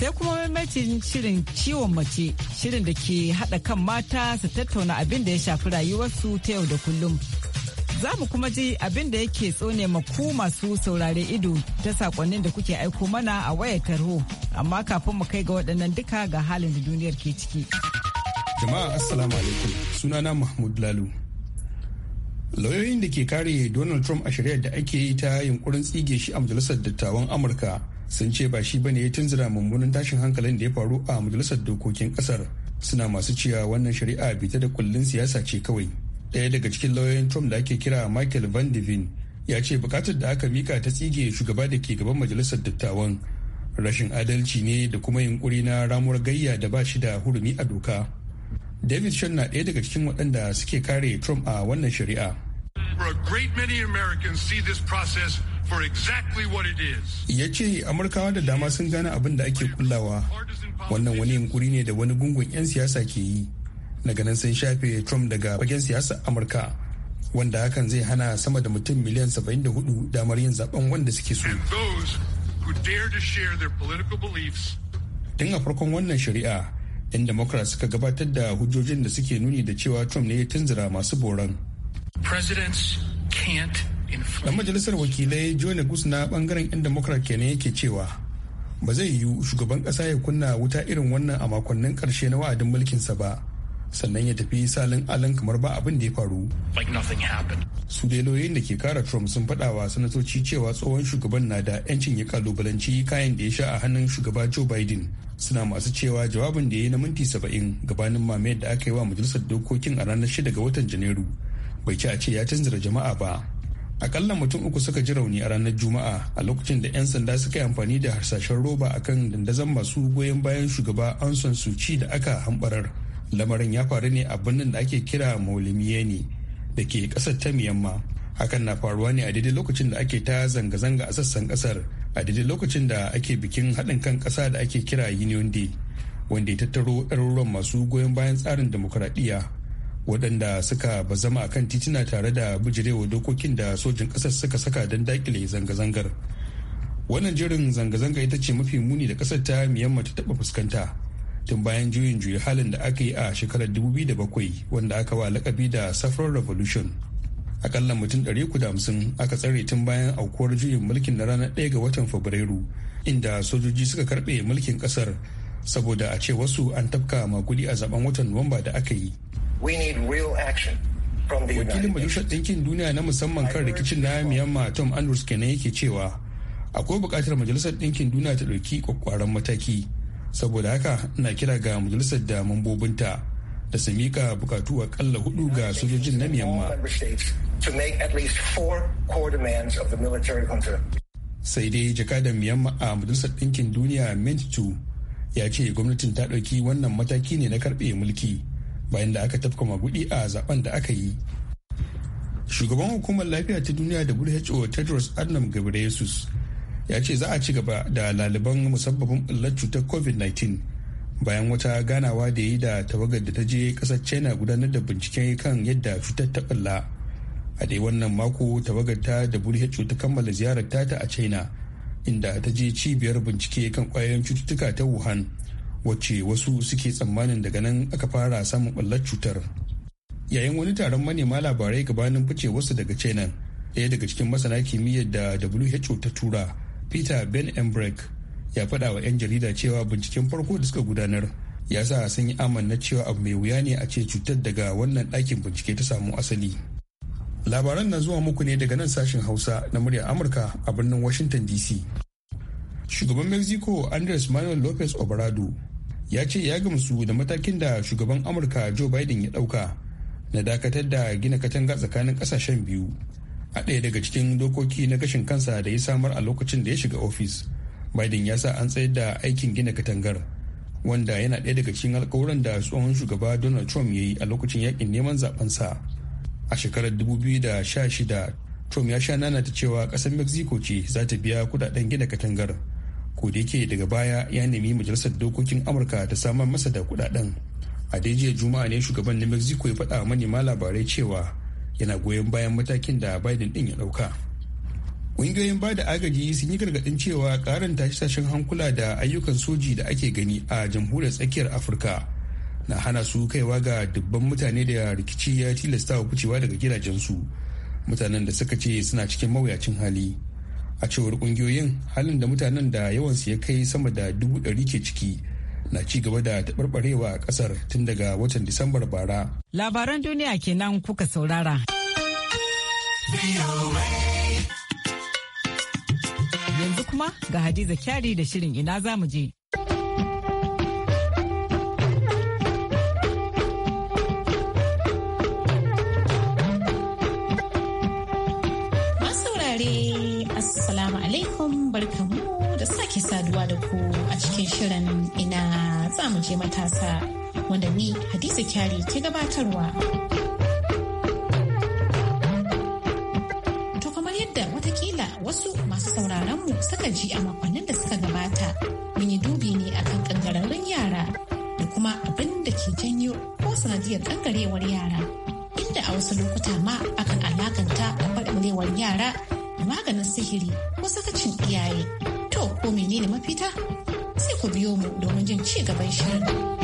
sai kuma maimacin shirin ciwon mace shirin da ke haɗa kan mata su tattauna abin da ya shafi rayuwarsu ta yau da kullum za mu kuma ji abin da yake tsone maku masu saurare ido ta sakonnin da kuke aiko mana a wayar tarho amma kafin mu kai ga waɗannan duka ga halin da duniyar ke ciki jama'a assalamu alaikum sunana mahmud lalu lauyoyin da ke kare donald trump a shari'ar da ake yi ta yunkurin tsige shi a majalisar dattawan amurka sun ce ba shi bane ya tunzura mummunan tashin hankalin da ya faru a majalisar dokokin kasar suna masu cewa wannan shari'a bita da kullun siyasa ce kawai ɗaya daga cikin lauyoyin trump da ake kira michael van devin ya ce bukatar da aka mika ta tsige shugaba da ke gaban majalisar dattawan rashin adalci ne da kuma yunkuri na ramuwar gayya da ba shi da hurumi a doka david shan na daya daga cikin waɗanda suke kare trump a wannan shari'a For a great many Americans see this process for exactly what it is. Ya ce Amurkawa da dama sun gane abin da ake kullawa. Wannan wani yunkuri ne da wani gungun 'yan siyasa ke yi. Daga nan sun shafe Trump daga fagen siyasar Amurka. Wanda hakan zai hana sama da mutum miliyan 74 damar yin zaben wanda suke so. Tun a farkon wannan shari'a, 'yan Democrats suka gabatar da hujjojin da suke nuni da cewa Trump ne ya tunzura masu boron. Presidents can't Dan majalisar wakilai joe Gus na bangaren 'yan Democrat kenan yake cewa ba zai yiwu shugaban kasa ya kunna wuta irin wannan a makonnin karshe na wa'adin mulkinsa ba sannan ya tafi salin alan kamar ba abin da ya faru. Su dai lauyoyin da ke kara Trump sun faɗawa sanatoci cewa tsohon shugaban na da 'yancin ya kalubalanci kayan da ya sha a hannun shugaba Joe Biden. Suna masu cewa jawabin da ya yi na minti saba'in gabanin mamayar da aka yi wa majalisar dokokin a ranar shida ga watan Janairu. Bai ci a ce ya da jama'a ba. akalla mutum uku suka ji rauni a ranar juma'a a lokacin da 'yan sanda suka yi amfani da harsashen roba a kan dandazon masu goyon bayan shugaba anson suci da aka hambarar lamarin ya faru ne a birnin da ake kira maulimiyeni da ke kasar ta miyamma hakan na faruwa ne a daidai lokacin da ake ta zanga-zanga a sassan kasar a daidai lokacin da ake bikin haɗin kan ƙasa da ake kira union day wanda ya tattaro ɗaruruwan masu goyon bayan tsarin dimokuraɗiyya waɗanda suka bazama a kan titina tare da bijirewa dokokin da sojin ƙasar suka saka don dakile zanga-zangar wannan jirin zanga-zanga ita ce mafi muni da ƙasar ta miyamma ta taɓa fuskanta tun bayan juyin juya halin da aka yi a shekarar 2007 wanda aka wa lakabi da saffron revolution akalla mutum hamsin aka tsare tun bayan aukuwar juyin mulkin na ranar 1 ga watan fabrairu inda sojoji suka karɓe mulkin ƙasar saboda a ce wasu an tafka makudi a zaben watan nuwamba da aka yi We need real action. Wakilin Majalisar Ɗinkin Duniya na musamman kan rikicin na Myanmar Tom Andrews kenan yake cewa akwai buƙatar Majalisar Ɗinkin Duniya ta ɗauki kwakwaran mataki. Saboda haka na kira ga majalisar da mambobinta da su miƙa bukatu aƙalla hudu ga sojojin na Myanmar. Sai dai jakadan Myanmar a Majalisar Ɗinkin Duniya Mint ya ce gwamnatin ta ɗauki wannan mataki ne na karɓe mulki. bayan da aka tafka magudi a zaben da aka yi shugaban hukumar lafiya ta duniya da who tedros adnam ghebreyesus ya ce za a ci gaba da laliban musabbabin ɓullar cutar covid-19 bayan wata ganawa da yi da tawagar da ta je ƙasar china gudanar da bincike kan yadda cutar ta ɓulla a dai wannan mako tawagar ta da who ta kammala ziyarar tata a china inda ta je cibiyar bincike kan kwayoyin cututtuka ta wuhan wacce wasu suke tsammanin daga nan aka fara samun ɓallar cutar yayin wani taron manema labarai gabanin fice wasu daga china ɗaya daga cikin masana kimiyyar da who ta tura peter ben embrek ya faɗa wa 'yan jarida cewa binciken farko da suka gudanar ya sa sun yi amanna cewa abu mai wuya ne a ce cutar daga wannan ɗakin bincike ta samu asali labaran na zuwa muku ne daga nan sashen hausa na muryar amurka a birnin washington dc shugaban mexico andres manuel lopez obrado ya ce ya gamsu da matakin da shugaban amurka joe biden ya dauka na dakatar da gina katanga tsakanin kasashen biyu a ɗaya daga cikin dokoki na gashin kansa da ya samar a lokacin da ya shiga ofis biden ya sa an tsayar da aikin gina katangar wanda yana ɗaya daga cikin alkawuran da tsohon shugaba donald trump ya yi a lokacin yakin neman sa. a shekarar dubu biyu da shida trump ya sha nanata cewa ƙasar mexico ce za ta biya kudaden gina katangar ko da yake daga baya ya nemi majalisar dokokin amurka ta samar masa da kudaden a jiya juma'a ne shugaban na mexico ya faɗa manema labarai cewa yana goyon bayan matakin da biden din ya ɗauka ƙungiyoyin ba da agaji sun yi gargaɗin cewa ƙarin tashe-tashen hankula da ayyukan soji da ake gani a jamhuriyar tsakiyar afirka na hana su kaiwa ga dubban mutane da rikici ya tilasta wa kucewa daga gidajensu mutanen da suka ce suna cikin mawuyacin hali a cewar kungiyoyin halin da mutanen da yawan su ya kai sama da dubu ɗari ke ciki na ci gaba da taɓarɓarewa a ƙasar tun daga watan disambar bara labaran duniya kenan kuka saurara yanzu kuma ga hadiza kyari da shirin ina za mu je da ku a cikin shirin ina za mu je matasa wanda ni Hadiza Kyari ke gabatarwa. To kamar yadda watakila wasu masu sauraronmu suka ji a makonnin da suka gabata mun yi dubi ne akan kangararrun yara da kuma abin da ke janyo ko sanadiyar kangarewar yara inda a wasu lokuta ma akan alakanta a yara maganin sihiri ko sakacin iyaye. ko menene mafita? Sai ku biyo mu domin jin ci gaban shirin.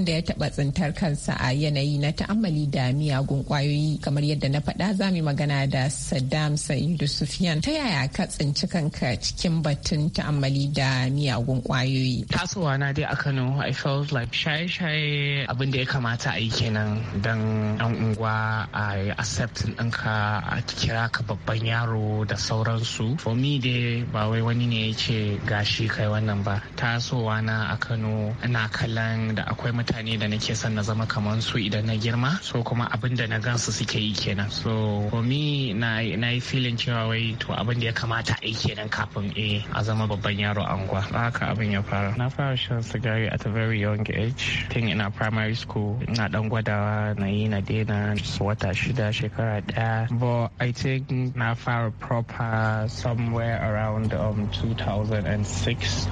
wanda ya taɓa tsintar kansa a yanayi na ta'ammali da miyagun kwayoyi kamar yadda na faɗa za mu magana da saddam sa'idu sufiyan ta yaya ka tsinci kanka cikin batun ta'ammali da miyagun kwayoyi tasowa na dai a kano i felt like shaye-shaye abin da ya kamata a yi kenan don an unguwa a accept ɗinka a kira ka babban yaro da sauransu for me dai ba wai wani ne ya ce gashi kai wannan ba tasowa na a kano ana kallon da akwai mutane mutane da nake son na zama kamar su idan na girma so kuma abin da na gansu suke yi kenan so for me na yi filin cewa wai to abin da ya kamata a yi kenan kafin eh, a zama babban yaro anguwa haka abin ya fara na fara shan sigari at a very young age tun ina primary school ina dan gwadawa na yi na daina wata shida shekara daya but i think na fara proper somewhere around um, 2006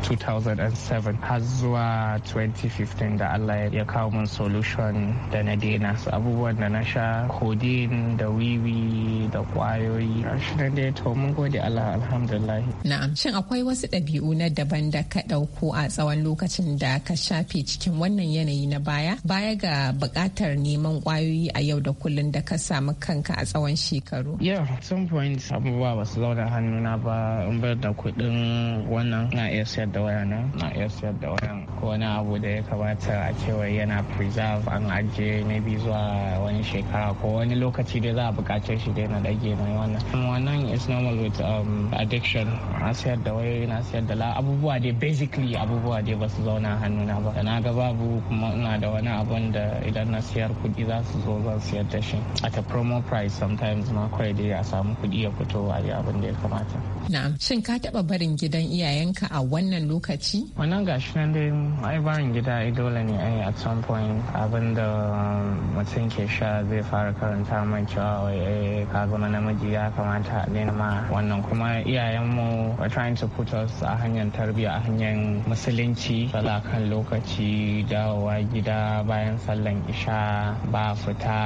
2007 har zuwa 2015 da allah ya ya kawo min solution da na daina abubuwan da na sha codeine da wiwi da kwayoyi shi na dai to mun gode Allah alhamdulillah na'am shin akwai wasu ɗabi'u na daban da ka ɗauko a tsawon lokacin da ka shafe cikin wannan yanayi na baya baya ga buƙatar neman kwayoyi a yau da kullun da ka samu kanka a tsawon shekaru yeah some point abubuwa ba su zauna hannuna ba in bar kuɗin wannan na iya siyar da wayana na iya siyar da wayan ko wani abu da ya kamata a cewa yana preserve an ajiye na bi zuwa wani shekara ko wani lokaci da za a buƙace shi da yana dage mai wannan um, wannan is normal with um, addiction A siyar da wayoyi na siyar da la abubuwa dai basically abubuwa dai ba su zauna hannuna ba na ga babu kuma ina da wani abun da idan na siyar kuɗi za su zo zan siyar da shi at a promo price sometimes ma kawai dai a samu kuɗi ya fito a yi abin da ya kamata na'am shin ka taɓa barin gidan iyayenka a wannan lokaci wannan gashi nan dai ai barin gida ai dole ne ai at some point abin da um, mutum ke sha zai fara karanta man cewa wai eh, ka zama namiji ya kamata a daina ma wannan kuma iyayenmu were trying to put us a hanyar tarbiyya a hanyar musulunci sala kan lokaci dawowa gida bayan sallan isha ba fita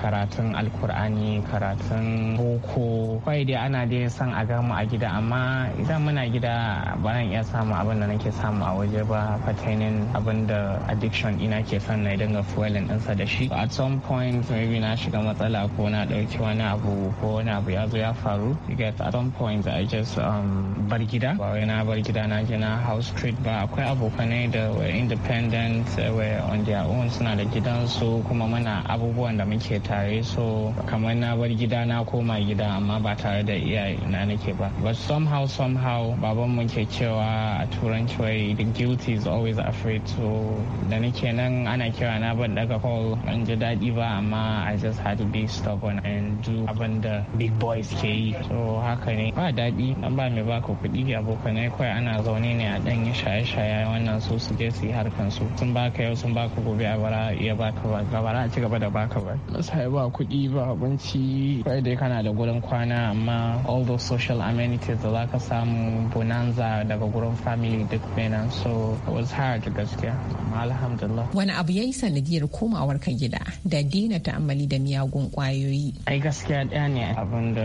karatun alkur'ani karatun boko kawai dai ana dai son a gamu a gida amma idan muna gida ba iya samu abin da nake samu a waje ba maintaining abin da addiction ina ke son na dinga fuelin ɗinsa da shi at some point maybe na shiga matsala ko na ɗauki wani abu ko wani abu ya zo ya faru get at some point I just um, bar gida ba wai na bar gida na je na house street ba akwai abokanai da were independent eh, were on their own suna da gidansu kuma muna abubuwan da muke tare so kamar na bar gida na koma gida amma ba tare da iyaye na nake ba but somehow somehow baban mu ke cewa a turanci wai the guilty is always always afraid so da nake nan ana kira na ban daga hall an ji daɗi ba amma i just had to be stubborn and do abin da big boys ke yi so haka ne ba daɗi nan ba mai baka kuɗi abokanai kawai ana zaune ne a ɗan yi shaye-shaye wannan so su je su yi harkan su sun baka yau sun baka gobe a bara iya baka ba gabara a ci gaba da baka ba sai ba kuɗi ba abinci kawai kana da gurin kwana amma all those social amenities da za ka samu bonanza daga gurin family duk bina so i was tired gaskiya alhamdulillah wani abu ya yi sanadiyar komawar ka gida da dina ta'ammali da miyagun kwayoyi ai gaskiya ɗaya ne abin da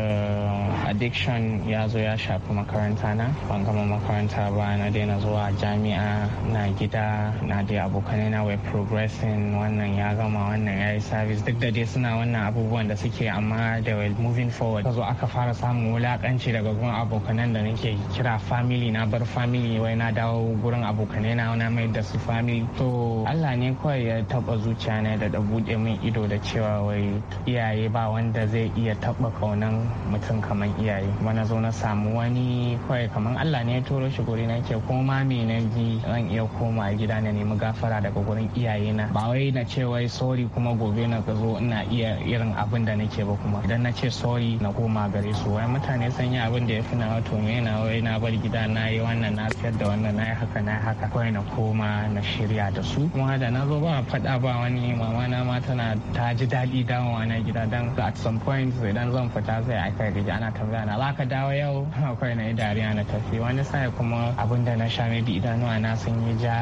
addiction ya zo ya shafi makaranta na ban gama makaranta ba na daina zuwa jami'a na gida na dai abokanai na wai progressing wannan ya gama wannan ya yi service duk da dai suna wannan abubuwan da suke amma da way moving forward ka zo aka fara samun wulakanci daga gurin abokanan da nake kira family na bar family wai na dawo gurin abokanai na na mai da su to Allah ne kawai ya taba zuciya na da da buɗe min ido da cewa wai iyaye ba wanda zai iya taba kaunan mutum kamar iyaye kuma na zo na samu wani kawai kamar Allah ne ya turo shi gori na ke koma me na ji zan iya koma gida na nemi gafara daga gurin iyaye na ba wai na ce wai sorry kuma gobe na zo ina iya irin abin da nake ba kuma idan na ce sorry na koma gare su wai mutane san yi abin da ya fi na wato me na wai na bar gida na yi wannan na fiyar da wannan na yi haka na yi haka kawai na koma na shirya da su kuma da na zo ba faɗa ba wani mamana na ma tana ta ji daɗi dawowa na gida dan at some point idan zan fita sai kai gida. ana tambaya na za ka dawo yau akwai na yi dariya na tafi wani sai kuma abin da na sha maybe idanuwa na sun yi ja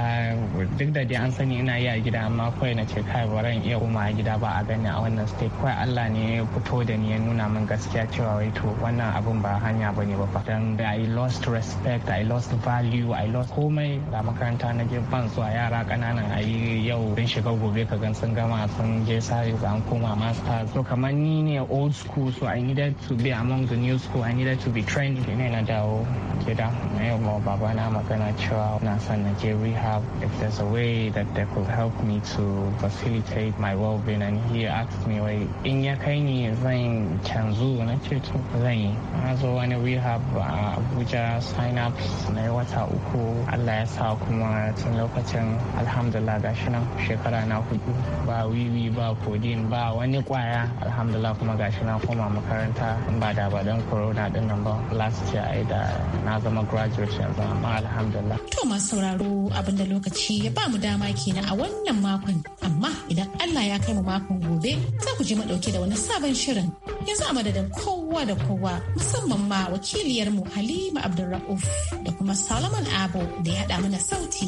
duk da dai an sani ina yi a gida amma kawai na ce kai baran iya koma gida ba a gani a wannan state kawai Allah ne ya fito da ni ya nuna min gaskiya cewa wai to wannan abin ba hanya bane ba fa dan I lost respect I lost value I lost komai da makaranta na je ban su a yara kananan a yi yau dan shiga gobe ka gan sun gama sun je service an koma masters so kamar ni ne old school so i needed to be among the new school i needed to be trained ne na dawo gida na yau ma baba na magana cewa na san na je rehab if there's a way that they could help me to facilitate my well-being and he asked me wai in ya kai ni zan canzu na ce to zan yi na zo wani rehab a abuja sign ups na wata uku allah ya sa kuma tun lokacin alhamdulillah gashi nan shekara na hudu ba wiwi ba kodin ba wani kwaya alhamdulillah kuma gashi na koma makaranta ba da ba don corona din nan ba last year ai da na zama graduate yanzu amma alhamdulillah to masu sauraro abinda lokaci ya ba mu dama kenan a wannan makon amma idan Allah ya kai mu makon gobe za ku ji madauke da wani sabon shirin yanzu a madadin kowa da kowa musamman ma wakiliyarmu Halima Abdulra'uf da kuma Solomon Abo da ya haɗa mana sauti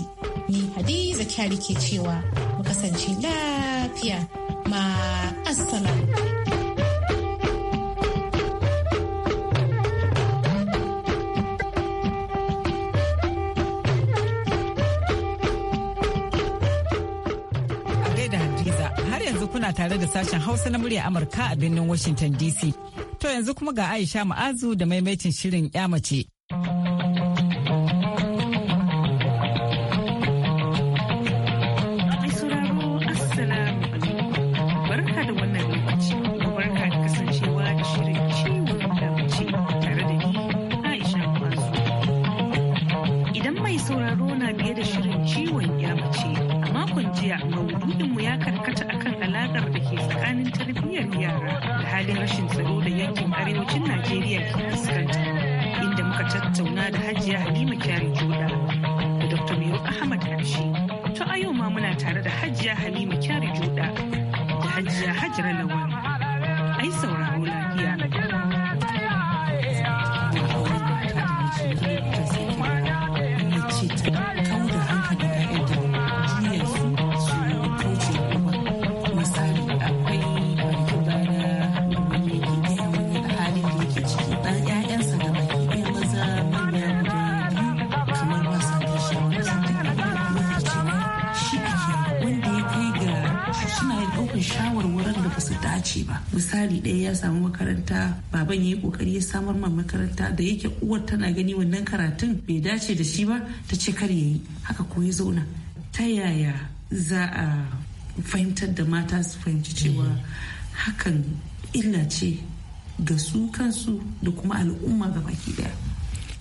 ni Hadiza Kyari ke cewa mu kasance lafiya ma assalamu ana tare da sashen Hausa na murya Amurka a birnin Washington DC. To yanzu kuma ga Aisha Ma'azu da maimaitin shirin 'ya mace. yau ma muna tare da Hajiya Halima Kyari Joda da Hajiya Hajara Lawal. Ai sauraro lafiya. misali ɗaya ya samu makaranta baban ya yi kokari ya samar ma makaranta da yake uwar tana gani wannan karatun bai dace da shi ba ta ce kar ya yi haka ko ya zauna ta yaya za a fahimtar da mata su fahimci cewa mm. hakan illa ce ga su kansu da kuma al'umma ga baki ɗaya.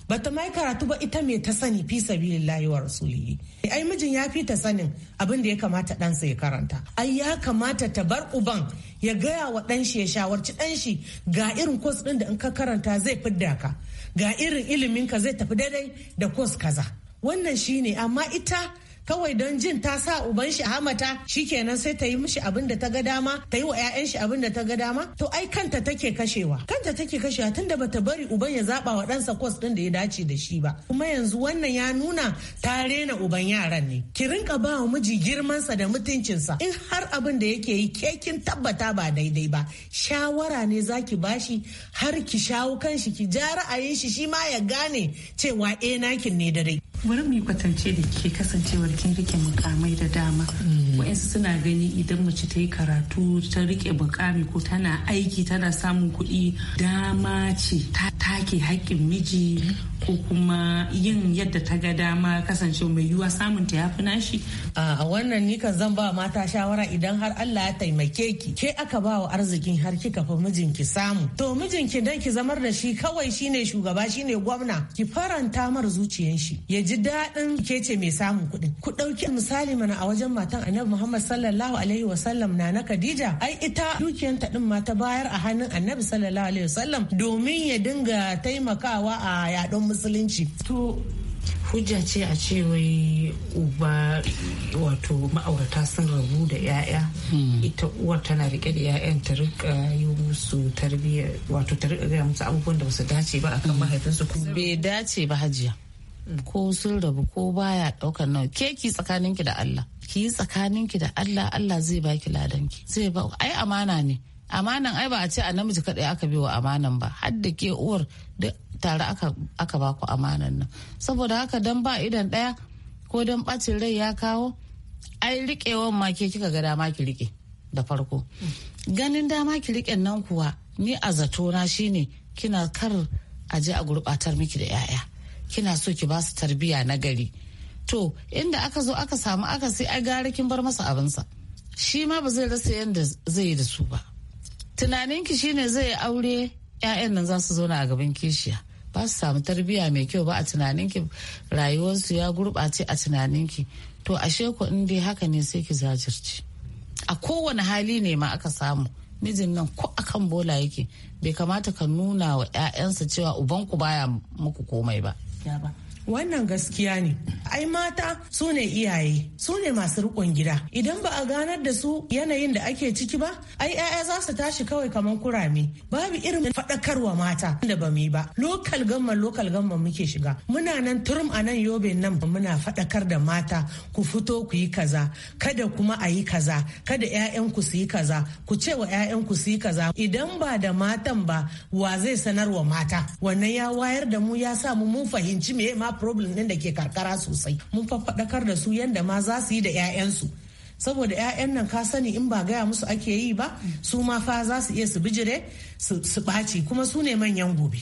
bata mai karatu ba ita mai ta sani fi sabilin layuwar rasuliyi ai mijin ya fi ta sanin abin da ya kamata ɗansa ya karanta ai ya kamata ta bar uban ya gaya wa ɗanshi ya shawarci ɗan shi ga irin kwas ɗin da in ka karanta zai fidda ka ga irin ilimin ka zai tafi daidai da kwas kaza wannan shine amma ita kawai don jin ta sa uban shi hamata shikenan sai ta yi mishi abin da ta ga dama ta yi wa 'ya'yan shi abin da ta ga dama to ai kanta take kashewa kanta take kashewa tunda bata bari uban ya zaba wa ɗansa kwas ɗin da ya dace da shi ba kuma yanzu wannan ya nuna ta rena uban yaran ne ki rinka ba wa miji girmansa da mutuncinsa in har abin da yake yi kekin tabbata ba daidai ba shawara ne zaki bashi har ki shawo kanshi ki ja ra'ayin shi shi ma ya gane cewa eh nakin ne da rai bari mu yi kwatance da ke kasancewar kin rike mukamai da dama mm. wa'insu suna gani idan mace ta yi karatu ta rike mukami ko tana aiki tana samun kuɗi dama ce ta take haƙƙin miji ko kuma yin yadda ta ga dama kasancewa mai yiwuwa samun ta ya fi nashi a wannan ni kan zan ba mata shawara idan har Allah ya taimake ki ke aka ba wa arzikin har kika fa mijinki samu to mijinki dan ki zamar da shi kawai shine shugaba shine gwamna ki faranta mar zuciyan shi ya ji ji daɗin ke ce mai samun kuɗi ku ɗauki misali mana a wajen matan annabi muhammad sallallahu alaihi wasallam na na khadija ai ita dukiyanta ɗin ma ta bayar a hannun annabi sallallahu alaihi wasallam domin ya dinga taimakawa a yaɗon musulunci to hujja ce a ce wai uba wato ma'aurata sun rabu da 'ya'ya hmm. ita uwar tana rike da 'ya'yan ta rika yi musu tarbiyya wato ta rika gaya musu abubuwan da ba su dace ba akan mahaifinsu bai dace ba hajiya ko sun rabu ko baya ɗaukan nawa ke ki ki da Allah ki yi tsakanin ki da Allah Allah zai baki ladanki zai ba ai amana ne amanan ai ba a ce a namiji kaɗai aka bi wa amanan ba har da ke uwar da tare aka aka ba ku amanan nan saboda haka dan ba idan ɗaya ko dan bacin rai ya kawo ai riƙewan ma ke kika ga dama ki riƙe da farko ganin dama ki riƙe nan kuwa ni a zatona shine kina kar a je a gurɓatar miki da 'ya'ya kina so ki ba su tarbiya na gari to inda aka zo aka samu aka sai ai gara kin bar masa abin sa. shi ma ba zai rasa yadda zai yi da su ba tunaninki shine zai aure 'ya'yan nan za su zauna a gaban kishiya ba su samu tarbiyya mai kyau ba a tunaninki rayuwarsu ya gurɓace a tunaninki to ashe ku in dai haka ne sai ki zajirce a kowane hali ne ma aka samu mijin nan ko a kan bola yake bai kamata ka nuna wa 'ya'yansa cewa ubanku baya muku komai ba siapa wannan gaskiya ne ai mata su ne iyaye su ne masu rikon gida idan ba a ganar da su yanayin da ake ciki ba ai 'ya'ya za su tashi kawai kamar kurame babu irin faɗakarwa mata da ba mu yi ba lokal gamma lokal gamma muke shiga muna nan turum a nan yobe nan muna faɗakar da mata ku fito ku yi kaza kada kuma a yi kaza kada 'ya'yanku su yi kaza ku ce wa ku su yi kaza idan ba da matan ba wa zai sanarwa mata wannan ya wayar da mu ya sa mu mun fahimci me ma problem ɗin da ke karkara sosai mun faɗakar da su yadda ma za su yi da 'ya'yansu saboda 'ya'yan nan ka sani in ba gaya musu ake yi ba su ma fa za su iya su bijire su ɓaci kuma su ne manyan gobe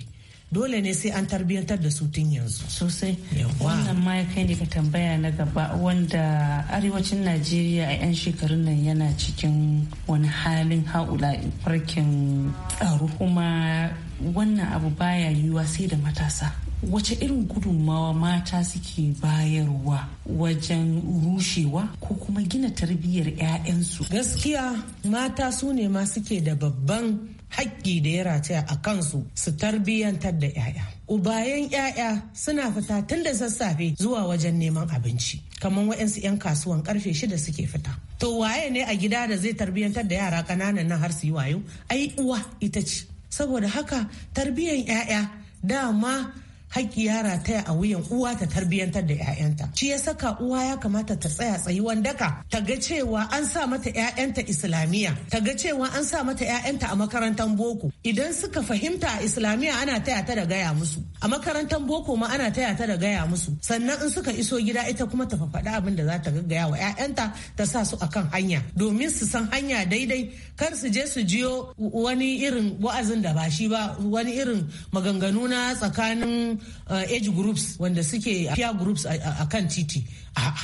dole ne sai an tarbiyyantar da su tun yanzu sosai wannan ma ya kai ne ka tambaya na gaba wanda arewacin najeriya a 'yan shekarun nan yana cikin wani halin haula farkin tsaro kuma wannan abu baya yiwuwa sai da matasa wace irin gudunmawa mata suke bayarwa wajen rushewa ko kuma gina tarbiyyar 'ya'yansu gaskiya mata su ne ma suke da babban haƙƙi da ya rataya a kansu su tarbiyyantar da 'ya'ya. Ubayen 'ya'ya suna fita tun da sassafe zuwa wajen neman abinci, kamar waɗansu 'yan kasuwan karfe shida suke fita. To waye ne a gida da zai tarbiyyantar da yara ƙananan nan har su yi wayo? Ai uwa ita ce. Saboda haka tarbiyyan 'ya'ya dama haƙƙi ya rataya a wuyan uwa ta tarbiyyantar da 'ya'yanta shi ya saka uwa ya kamata ta tsaya tsayi wandaka. ta ga cewa an sa mata 'ya'yanta islamiyya ta ga cewa an sa mata 'ya'yanta a makarantar boko idan suka fahimta a islamiyya ana taya ta da gaya musu a makarantar boko ma ana taya ta da gaya musu sannan in suka iso gida ita kuma ta faɗi abin da za ta gaggaya wa 'ya'yanta ta sa su akan hanya domin su san hanya daidai kar su je su jiyo wani irin wa'azin da ba shi ba wani irin maganganu na tsakanin Uh, age groups wanda suke peer groups a kan titi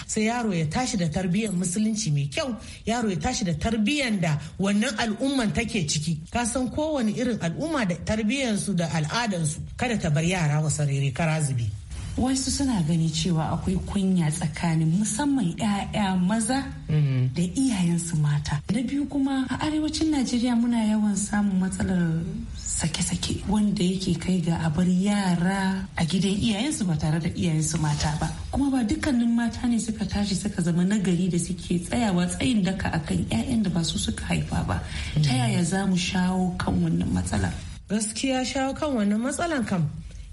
sai yaro ya tashi da tarbiyyar musulunci mai kyau yaro ya tashi da tarbiyyar da wannan al'umman take ciki ka san kowane irin al'umma da tarbiyyarsu da al'adansu kada ta bar yara wasarere zubi wasu suna gani cewa akwai kunya tsakanin musamman 'ya'ya maza mm-hmm. da iyayensu mata na biyu kuma a arewacin najeriya muna yawan samun matsalar sake-sake wanda yake kai ga abar yara a gidan iyayensu ba tare da iyayensu mata ba kuma ba dukkanin mata ne suka tashi suka zama nagari da suke tsayawa tsayin daka akan 'ya'yan da ba su suka haifa ba ta mm-hmm. yaya za mu shawo kan wannan matsalar gaskiya shawo kan wannan matsalan kam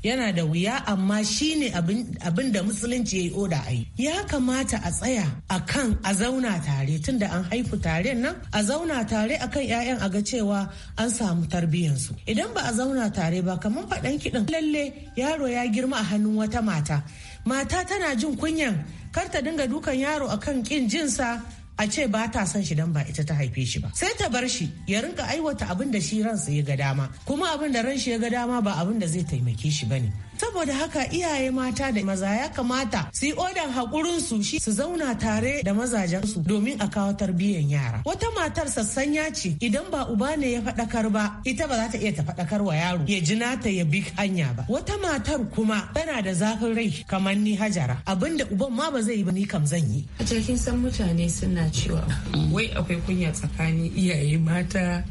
yana da wuya amma shine abin da musulunci ya yi oda a yi ya kamata a tsaya a kan a zauna tare tunda an haifu tare nan a zauna tare akan 'ya'yan a ga cewa an samu tarbiyyansu idan ba a zauna tare ba kamar faɗan kiɗan lalle yaro ya girma a hannun wata mata mata tana jin kunyan kar ta dinga dukan yaro akan kin jinsa a ce ba ta son shi dan ba ita ta haife shi ba sai ta bar shi ya rinka aiwata abin da shi ransa ya ga dama kuma abin da ran shi ya ga dama ba abin da zai taimake shi bane saboda haka iyaye mata da maza ya kamata su yi odan hakurin su shi su zauna tare da mazajen su domin a kawo tarbiyyan yara wata matar sassanya ce idan ba uba ne ya faɗakar ba ita ba za ta iya ta faɗakar wa yaro ya ji nata ya bi hanya ba wata matar kuma tana da zafin rai kamar ni hajara abinda uban ma ba zai yi ba ni kam zan yi a cikin san mutane suna cewa wai akwai kunya tsakanin iyaye mata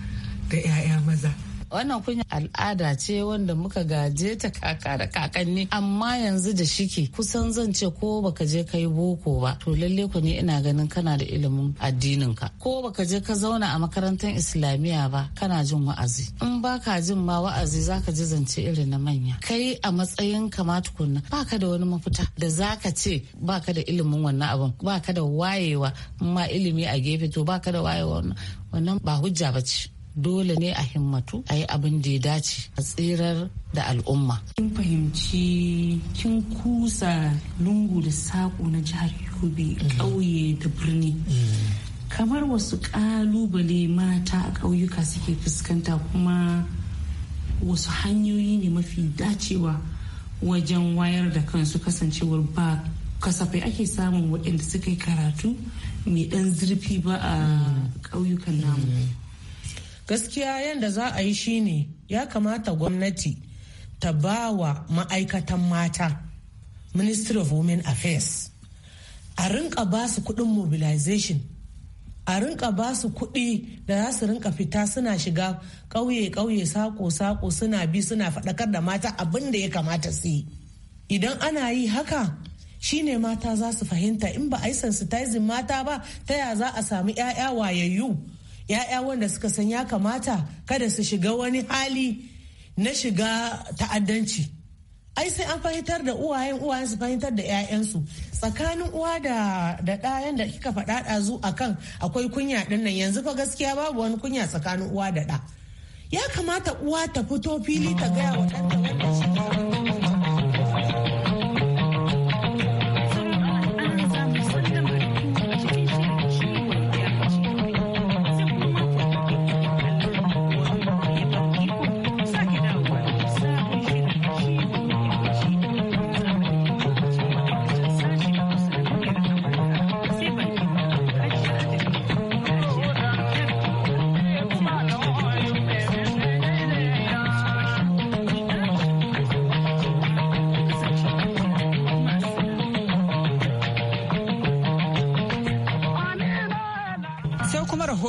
da 'ya'ya maza wannan kunya al'ada ce wanda muka gaje ta kaka da kakanni amma yanzu da shike kusan zan ce ko baka je kai boko ba to lalle ku ne ina ganin kana da ilimin addinin ka ko baka je ka zauna a makarantar islamiyya ba kana jin wa'azi in baka jin ma wa'azi zaka ji zance irin na manya kai a matsayin kama tukunna baka da wani mafita da zaka ce baka da ilimin wannan abin baka da wayewa ma ilimi a gefe to baka da wayewa wannan ba hujja ba ce dole ne a himmatu a yi abin da ya dace a tsirar da al'umma. Kin fahimci kin kusa lungu da saƙo na jihar Yobe mm. ƙauye da birni. Mm. Kamar wasu ƙalubale mata a ƙauyuka suke fuskanta kuma wasu hanyoyi ne mafi dacewa wajen wayar da kansu kasancewar ba kasafai ake samun waɗanda suka yi karatu mai ɗan zurfi ba a mm. ƙauyukan namu. gaskiya yadda za a yi shine ya kamata gwamnati ta ba wa ma'aikatan mata ministry of women affairs a rinka ba su kudin mobilization a rinka ba su kuɗi da za su rinka fita suna shiga ƙauye-ƙauye sako-sako suna bi suna faɗakar da mata abin da ya kamata su yi idan ana yi haka shine mata za su fahimta in ba a yi sensitizing mata ba ta ya za a samu 'ya'ya wayayyu 'ya'ya wanda suka san ya kamata kada su shiga wani hali na shiga ta'addanci ai sai an fahimtar da uwayen uwayen su fahimtar da 'ya'yansu tsakanin uwa da da ɗayan da kika faɗa ɗazu akan akwai kunya ɗin nan yanzu fa gaskiya babu wani kunya tsakanin uwa da ɗa ya kamata uwa ta fito fili ta gaya wa ɗanta wanda shi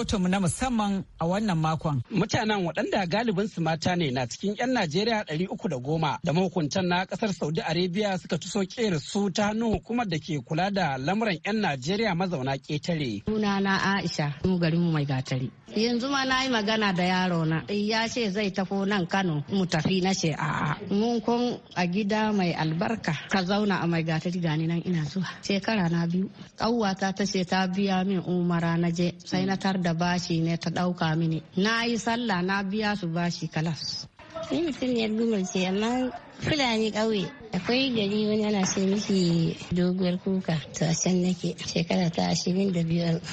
rahotonmu na musamman a wannan makon. Mutanen waɗanda galibin su mata ne na cikin 'yan Najeriya ɗari uku da goma da mahukuntan na ƙasar Saudi Arabia suka tuso ƙera su ta hannun kuma da ke kula da lamuran 'yan Najeriya mazauna ƙetare. na Aisha, mu garinmu mai gatari. yanzu ma na yi magana da yaro na eh, ya ce zai tafo nan kano mu tafi na ce a'a mun kun a gida mai albarka ka zauna a mai diga gani nan ina zuwa shekara na biyu ƙauwata ta ce ta biya min umara na je sai na tar da bashi ne ta ɗauka mini na yi sallah na biya su bashi kalas Ni mutuniyar gumar ce amma Fulani ƙauye. Akwai gari wani ana ce miki doguwar kuka to a can nake shekara ta ashirin da a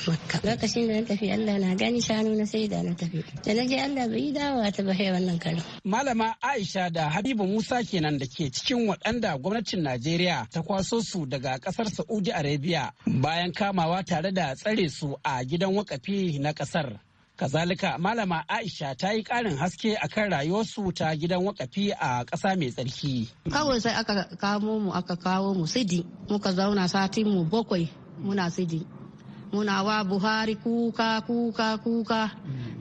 makka. Lokacin da na tafi Allah na gani shanu na sai da na tafi. Da na je Allah bai dawowa ta bahaya wannan karin. Malama Aisha da Habibu Musa kenan da ke cikin waɗanda gwamnatin Najeriya ta kwaso su daga ƙasar Saudi Arabia bayan kamawa tare da tsare su a gidan wakafi na ƙasar. Kazalika Malama Aisha ta yi ƙarin haske a kan rayuwarsu ta gidan wakafi a ƙasa mai tsarki. Kawai sai aka kamo mu aka kawo mu sidi muka zauna satin mu bakwai muna sidi. Muna wa Buhari kuka kuka kuka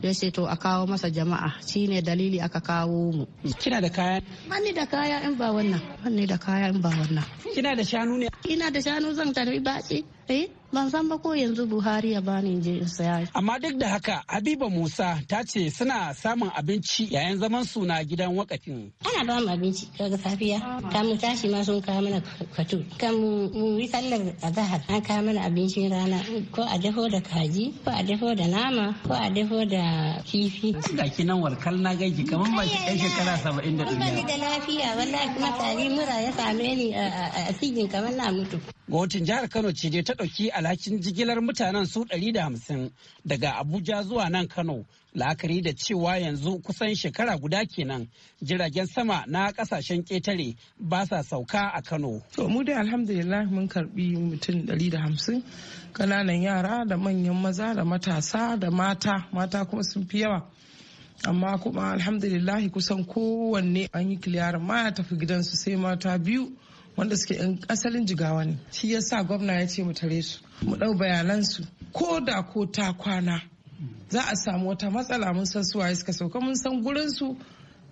ya ce to a kawo masa jama'a shine dalili aka kawo mu. Kina da kaya? Mani da kaya in ba wannan. Mani da kaya in ba wannan. Kina da shanu ne? Ina da shanu zan tarbi baci. eh ban san ba ko yanzu buhari ya bani je in saya amma duk da haka habiba musa ta ce suna samun abinci yayin zaman su na gidan wakafin ana ba mu abinci daga safiya kamun tashi ma sun kawo mana kato kan mu yi sallar azahar an kawo mana abincin rana ko a dafo da kaji ko a dafo da nama ko a dafo da kifi da ki nan warkal na gaji kamar ba ki ɗan shekara saba'in da ɗaya da lafiya wallahi kuma tari mura ya same ni a cikin kamar na mutu gwamnatin jihar kano ce ta ta ɗauki alhakin jigilar mutanen su 150 daga Abuja zuwa nan Kano, la'akari da cewa yanzu kusan shekara guda kenan jiragen sama na kasashen ƙetare ba sa sauka a Kano. To mu dai alhamdulillah mun karbi mutum 150 kananan yara da manyan maza da matasa da mata, mata kuma sun fi yawa. amma kuma alhamdulillahi kusan kowanne an yi kiliyar ma ya tafi gidansu sai mata biyu wanda suke yan asalin jigawa ne shi ya sa gwamna ya ce mu tare su mu ɗau bayanansu ko da ko ta kwana za a samu wata matsala mun san su waye suka sauka mun san gurin su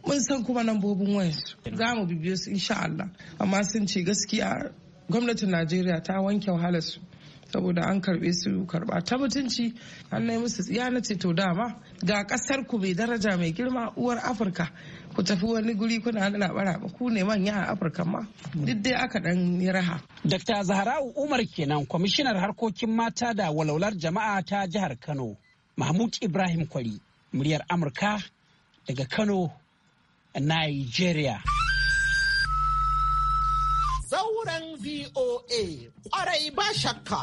mun san kuma lambobin wayansu za mu bibiyo su insha Allah amma sun ce gaskiya gwamnatin Najeriya ta wanke wahalar su saboda an karbe su karba ta mutunci an nai musu tsiya na ce to dama ga kasar ku mai daraja mai girma uwar afirka ku tafi wani guri kuna labara ku ne manya a afirka ma duk dai aka dan yi raha dr zahra'u umar kenan kwamishinar harkokin mata da walwalar jama'a ta jihar kano mahmud ibrahim kwari muryar amurka daga kano nigeria zauren VOA. Kwarai ba shakka.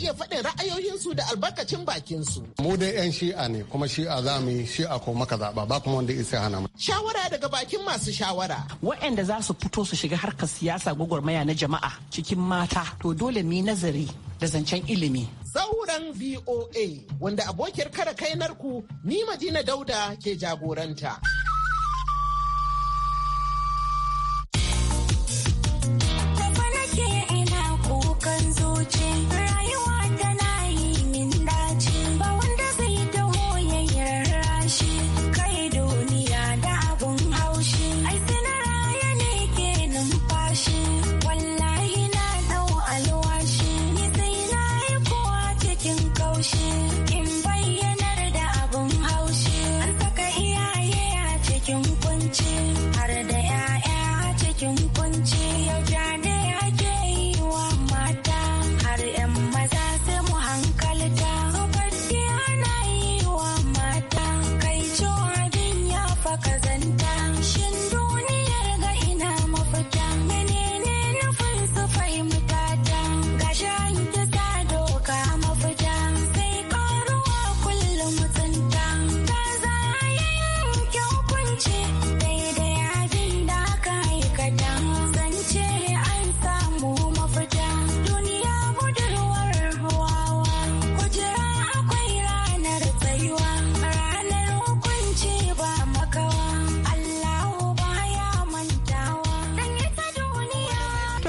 iya faɗin su da albarkacin bakinsu. Mu dai 'yan shi'a ne kuma shi'a za mu yi shi'a ko maka zaɓa ba kuma wanda isa hana mu. Shawara daga bakin masu shawara. Waɗanda za su fito su shiga harkar siyasa gwagwarmaya na jama'a cikin mata to dole mu yi nazari da zancen ilimi. Zauren VOA wanda abokiyar kai kainarku ni Madina Dauda ke jagoranta. Rayuwa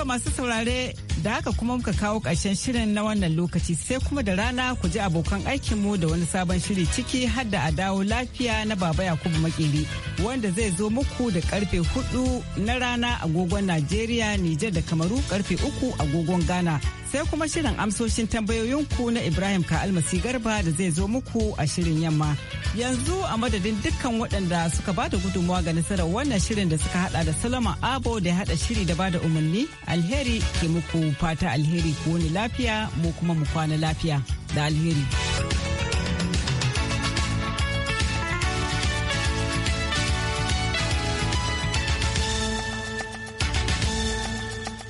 masu saurare da haka kuma muka kawo ƙarshen shirin na wannan lokaci sai kuma da rana ku ji abokan aikinmu da wani sabon shiri ciki har da a dawo lafiya na baba yakubu makeri wanda zai zo muku da karfe 4 na rana agogon Najeriya, Nijar da Kamaru karfe 3 agogon Ghana. Sai kuma shirin amsoshin tambayoyinku na Ibrahim Ka'almasi Garba da zai zo muku a shirin yamma. Yanzu a madadin dukkan waɗanda suka bada gudunmawa ga nasarar wannan shirin da suka hada da Salama Abo da ya hada shiri da bada umarni alheri ke muku fata alheri ko ni lafiya mu kuma mu kwana lafiya da alheri.